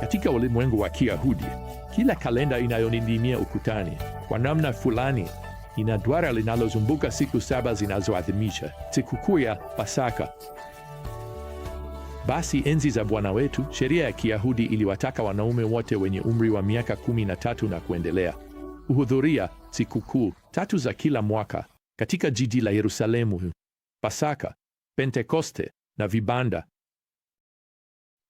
Katika ulimwengu wa Kiyahudi, kila kalenda inayoning'inia ukutani kwa namna fulani ina duara linalozumbuka siku saba zinazoadhimisha sikukuu ya Pasaka. Basi enzi za Bwana wetu, sheria ya Kiyahudi iliwataka wanaume wote wenye umri wa miaka kumi na tatu na kuendelea kuhudhuria sikukuu tatu za kila mwaka katika jiji la Yerusalemu: Pasaka, Pentekoste na vibanda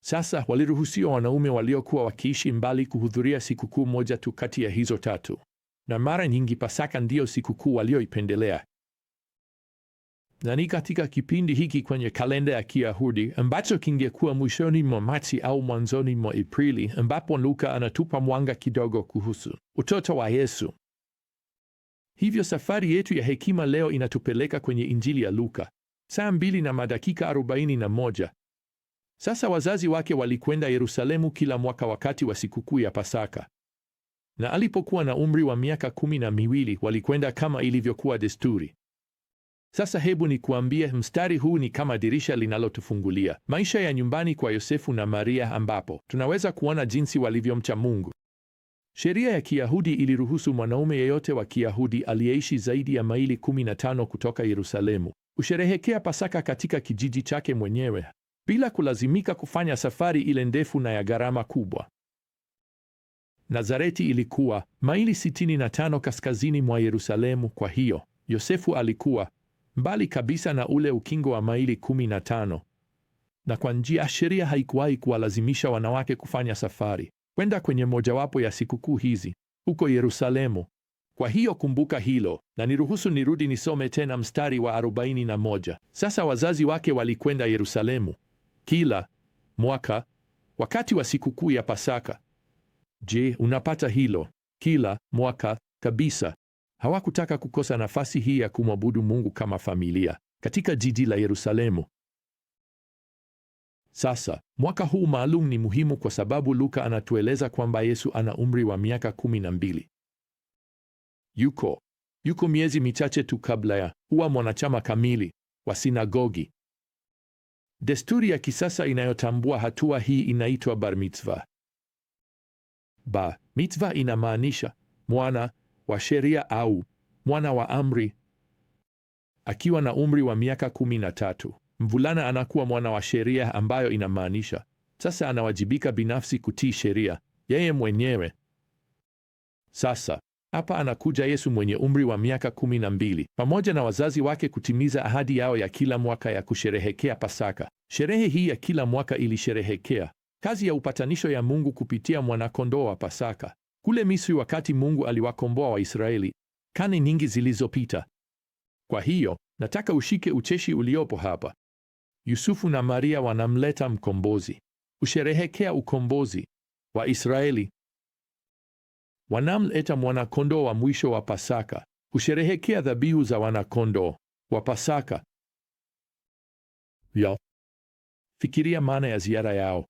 sasa waliruhusiwa wanaume waliokuwa wakiishi mbali kuhudhuria sikukuu moja tu kati ya hizo tatu, na mara nyingi Pasaka ndiyo sikukuu walioipendelea. Na ni katika kipindi hiki kwenye kalenda ya Kiyahudi ambacho kingekuwa mwishoni mwa Machi au mwanzoni mwa Aprili ambapo Luka anatupa mwanga kidogo kuhusu utoto wa Yesu. Hivyo safari yetu ya hekima leo inatupeleka kwenye Injili ya Luka saa mbili na madakika arobaini na moja sasa wazazi wake walikwenda Yerusalemu kila mwaka wakati wa sikukuu ya Pasaka, na alipokuwa na umri wa miaka kumi na miwili walikwenda kama ilivyokuwa desturi. Sasa hebu ni kuambie mstari huu ni kama dirisha linalotufungulia maisha ya nyumbani kwa Yosefu na Maria, ambapo tunaweza kuona jinsi walivyomcha Mungu. Sheria ya Kiyahudi iliruhusu mwanaume yeyote wa Kiyahudi aliyeishi zaidi ya maili 15 kutoka Yerusalemu usherehekea Pasaka katika kijiji chake mwenyewe bila kulazimika kufanya safari ile ndefu na ya gharama kubwa. Nazareti ilikuwa maili 65 kaskazini mwa Yerusalemu. Kwa hiyo Yosefu alikuwa mbali kabisa na ule ukingo wa maili 15, na kwa njia sheria haikuwahi kuwalazimisha wanawake kufanya safari kwenda kwenye mojawapo ya sikukuu hizi huko Yerusalemu. Kwa hiyo kumbuka hilo, na niruhusu nirudi nisome tena mstari wa 41. Sasa wazazi wake walikwenda Yerusalemu kila mwaka wakati wa sikukuu ya Pasaka. Je, unapata hilo kila mwaka kabisa? Hawakutaka kukosa nafasi hii ya kumwabudu Mungu kama familia katika jiji la Yerusalemu. Sasa mwaka huu maalum ni muhimu kwa sababu Luka anatueleza kwamba Yesu ana umri wa miaka kumi na mbili. Yuko yuko miezi michache tu kabla ya kuwa mwanachama kamili wa sinagogi. Desturi ya kisasa inayotambua hatua hii inaitwa bar mitzvah. Ba mitzvah inamaanisha mwana wa sheria au mwana wa amri. Akiwa na umri wa miaka kumi na tatu, mvulana anakuwa mwana wa sheria, ambayo inamaanisha sasa anawajibika binafsi kutii sheria yeye mwenyewe. Sasa hapa anakuja Yesu mwenye umri wa miaka kumi na mbili pamoja na wazazi wake kutimiza ahadi yao ya kila mwaka ya kusherehekea Pasaka. Sherehe hii ya kila mwaka ilisherehekea kazi ya upatanisho ya Mungu kupitia mwanakondoo wa Pasaka kule Misri, wakati Mungu aliwakomboa Waisraeli kane nyingi zilizopita. Kwa hiyo nataka ushike ucheshi uliopo hapa. Yusufu na Maria wanamleta mkombozi, usherehekea ukombozi wa Israeli wanamleta mwanakondoo wa mwisho wa Pasaka kusherehekea dhabihu za wanakondoo wa Pasaka ya fikiria maana ya ziara yao.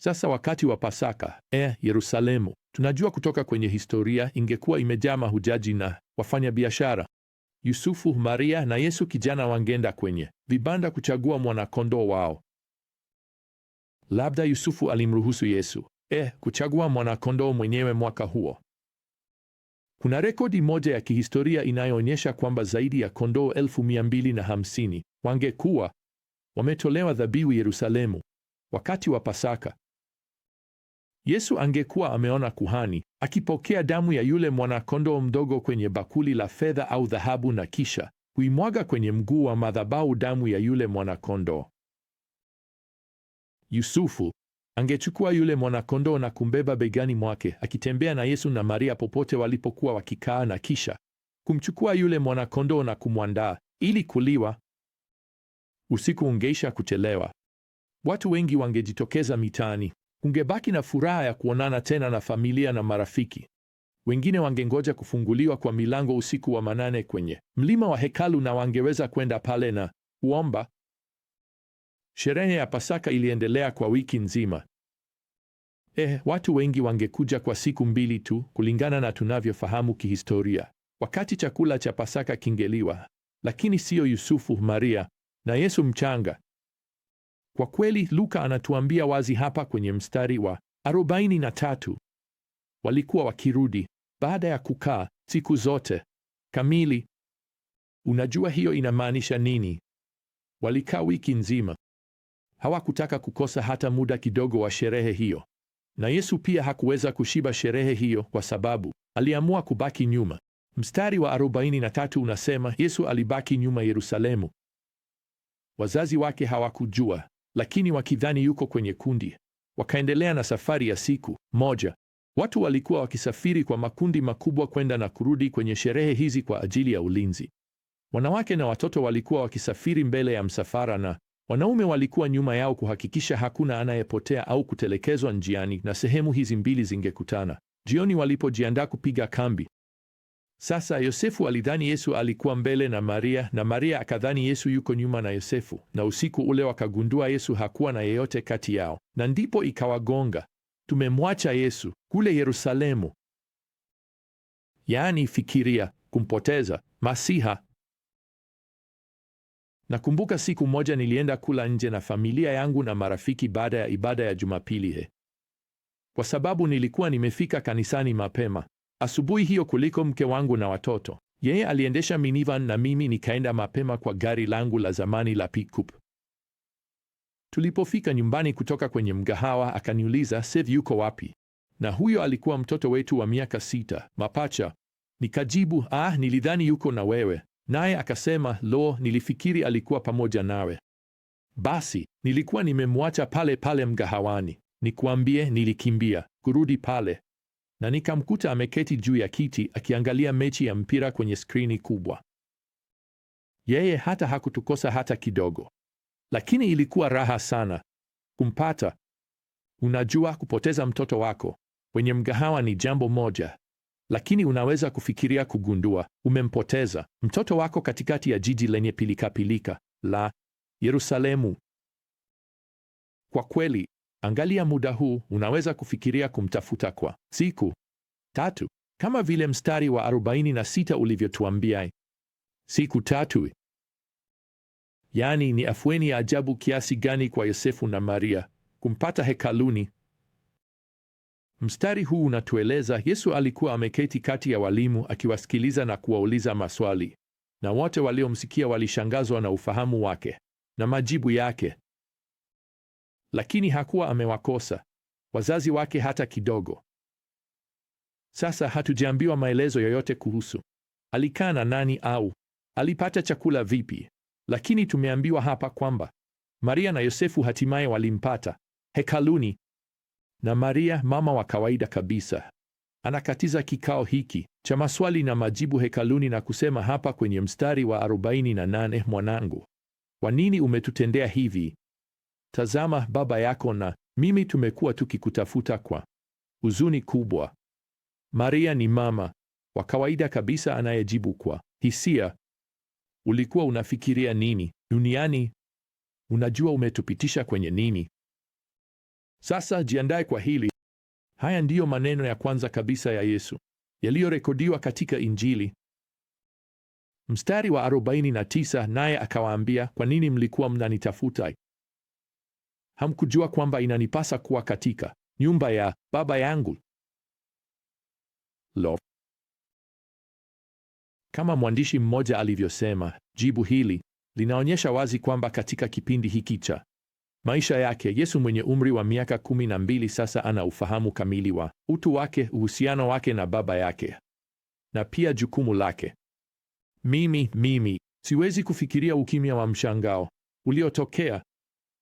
Sasa wakati wa Pasaka eh, Yerusalemu tunajua kutoka kwenye historia ingekuwa imejaa mahujaji na wafanya biashara. Yusufu, Maria na Yesu kijana wangeenda kwenye vibanda kuchagua mwanakondoo wao. Labda Yusufu alimruhusu Yesu e kuchagua mwanakondoo mwenyewe mwaka huo. Kuna rekodi moja ya kihistoria inayoonyesha kwamba zaidi ya kondoo elfu mia mbili na hamsini wangekuwa wametolewa dhabihu Yerusalemu wakati wa Pasaka. Yesu angekuwa ameona kuhani akipokea damu ya yule mwanakondoo mdogo kwenye bakuli la fedha au dhahabu na kisha kuimwaga kwenye mguu wa madhabahu damu ya yule mwanakondoo. Yusufu Angechukua yule mwanakondoo na kumbeba begani mwake, akitembea na Yesu na Maria popote walipokuwa wakikaa, na kisha kumchukua yule mwanakondoo na kumwandaa ili kuliwa. Usiku ungeisha kuchelewa, watu wengi wangejitokeza mitaani. Ungebaki na furaha ya kuonana tena na familia na marafiki. Wengine wangengoja kufunguliwa kwa milango usiku wa manane kwenye mlima wa hekalu, na wangeweza kwenda pale na kuomba. Sherehe ya Pasaka iliendelea kwa wiki nzima. Eh, watu wengi wangekuja kwa siku mbili tu kulingana na tunavyofahamu kihistoria, wakati chakula cha Pasaka kingeliwa, lakini siyo Yusufu, Maria na Yesu mchanga. Kwa kweli Luka anatuambia wazi hapa kwenye mstari wa 43. Walikuwa wakirudi baada ya kukaa siku zote kamili. Unajua hiyo inamaanisha nini? Walikaa wiki nzima. Hawakutaka kukosa hata muda kidogo wa sherehe hiyo. Na Yesu pia hakuweza kushiba sherehe hiyo kwa sababu aliamua kubaki nyuma. Mstari wa 43 unasema Yesu alibaki nyuma Yerusalemu. Wazazi wake hawakujua, lakini wakidhani yuko kwenye kundi, wakaendelea na safari ya siku moja. Watu walikuwa wakisafiri kwa makundi makubwa kwenda na kurudi kwenye sherehe hizi kwa ajili ya ulinzi. Wanawake na watoto walikuwa wakisafiri mbele ya msafara na Wanaume walikuwa nyuma yao kuhakikisha hakuna anayepotea au kutelekezwa njiani, na sehemu hizi mbili zingekutana jioni walipojiandaa kupiga kambi. Sasa Yosefu alidhani Yesu alikuwa mbele na Maria, na Maria akadhani Yesu yuko nyuma na Yosefu, na usiku ule wakagundua Yesu hakuwa na yeyote kati yao, na ndipo ikawagonga, tumemwacha Yesu kule Yerusalemu. Yaani, fikiria kumpoteza Masiha Nakumbuka siku moja nilienda kula nje na familia yangu na marafiki baada ya ibada ya Jumapili kwa sababu nilikuwa nimefika kanisani mapema asubuhi hiyo kuliko mke wangu na watoto. Yeye aliendesha minivan na mimi nikaenda mapema kwa gari langu la zamani la pickup. Tulipofika nyumbani kutoka kwenye mgahawa, akaniuliza save yuko wapi? Na huyo alikuwa mtoto wetu wa miaka sita mapacha. Nikajibu ah, nilidhani yuko na wewe. Naye akasema, lo, nilifikiri alikuwa pamoja nawe. Basi nilikuwa nimemwacha pale pale mgahawani, nikuambie nilikimbia kurudi pale na nikamkuta ameketi juu ya kiti akiangalia mechi ya mpira kwenye skrini kubwa. Yeye hata hakutukosa hata kidogo, lakini ilikuwa raha sana kumpata. Unajua, kupoteza mtoto wako kwenye mgahawa ni jambo moja, lakini unaweza kufikiria kugundua umempoteza mtoto wako katikati ya jiji lenye pilikapilika la Yerusalemu. Kwa kweli, angalia muda huu, unaweza kufikiria kumtafuta kwa siku tatu, kama vile mstari wa 46 ulivyotuambia, siku tatu. Yaani, ni afueni ya ajabu kiasi gani kwa Yosefu na Maria kumpata hekaluni Mstari huu unatueleza Yesu alikuwa ameketi kati ya walimu akiwasikiliza na kuwauliza maswali, na wote waliomsikia walishangazwa na ufahamu wake na majibu yake. Lakini hakuwa amewakosa wazazi wake hata kidogo. Sasa hatujaambiwa maelezo yoyote kuhusu alikaa na nani au alipata chakula vipi, lakini tumeambiwa hapa kwamba Maria na Yosefu hatimaye walimpata hekaluni na Maria, mama wa kawaida kabisa, anakatiza kikao hiki cha maswali na majibu hekaluni na kusema hapa kwenye mstari wa 48, mwanangu, kwa nini umetutendea hivi? Tazama, baba yako na mimi tumekuwa tukikutafuta kwa huzuni kubwa. Maria ni mama wa kawaida kabisa anayejibu kwa hisia. Ulikuwa unafikiria nini duniani? Unajua umetupitisha kwenye nini? Sasa jiandae kwa hili. Haya ndiyo maneno ya kwanza kabisa ya Yesu yaliyorekodiwa katika Injili. Mstari wa 49, naye akawaambia, kwa nini mlikuwa mnanitafuta? Hamkujua kwamba inanipasa kuwa katika nyumba ya Baba yangu? Lo, kama mwandishi mmoja alivyosema, jibu hili linaonyesha wazi kwamba katika kipindi hiki cha maisha yake. Yesu mwenye umri wa miaka kumi na mbili sasa ana ufahamu kamili wa utu wake, uhusiano wake na Baba yake na pia jukumu lake. Mimi mimi siwezi kufikiria ukimya wa mshangao uliotokea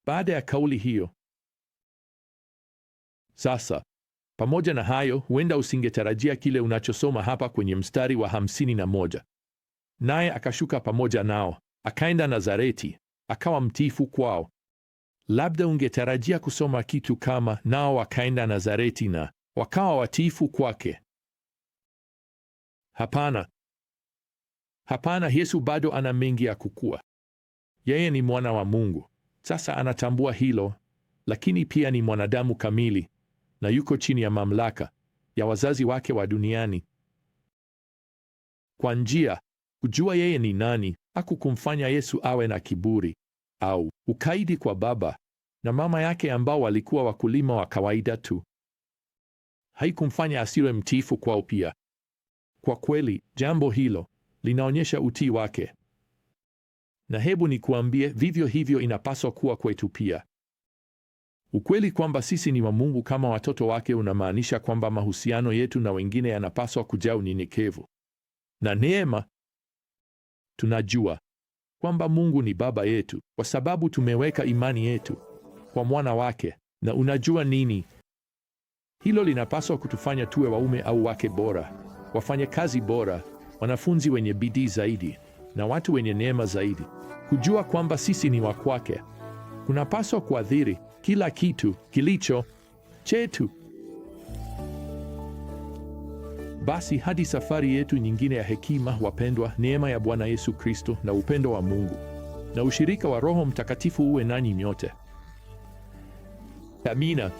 baada ya kauli hiyo. Sasa pamoja na hayo, huenda usingetarajia kile unachosoma hapa kwenye mstari wa hamsini na moja: naye akashuka pamoja nao akaenda Nazareti akawa mtiifu kwao labda ungetarajia kusoma kitu kama nao wakaenda Nazareti na wakawa watiifu kwake. Hapana, hapana, Yesu bado ana mengi ya kukua. Yeye ni mwana wa Mungu, sasa anatambua hilo, lakini pia ni mwanadamu kamili na yuko chini ya mamlaka ya wazazi wake wa duniani. Kwa njia, kujua yeye ni nani hakukumfanya Yesu awe na kiburi au ukaidi kwa Baba na mama yake ambao walikuwa wakulima wa kawaida tu. Haikumfanya asiwe mtiifu kwao pia. Kwa kweli, jambo hilo linaonyesha utii wake, na hebu nikuambie, vivyo hivyo inapaswa kuwa kwetu pia. Ukweli kwamba sisi ni wa Mungu kama watoto wake unamaanisha kwamba mahusiano yetu na wengine yanapaswa kujaa unyenyekevu na neema. Tunajua kwamba Mungu ni Baba yetu kwa sababu tumeweka imani yetu kwa mwana wake. Na unajua nini? Hilo linapaswa kutufanya tuwe waume au wake bora, wafanya kazi bora, wanafunzi wenye bidii zaidi na watu wenye neema zaidi. Kujua kwamba sisi ni wa kwake kunapaswa kuathiri kila kitu kilicho chetu. Basi hadi safari yetu nyingine ya hekima, wapendwa, neema ya Bwana Yesu Kristo na upendo wa Mungu na ushirika wa Roho Mtakatifu uwe nanyi nyote. Camina.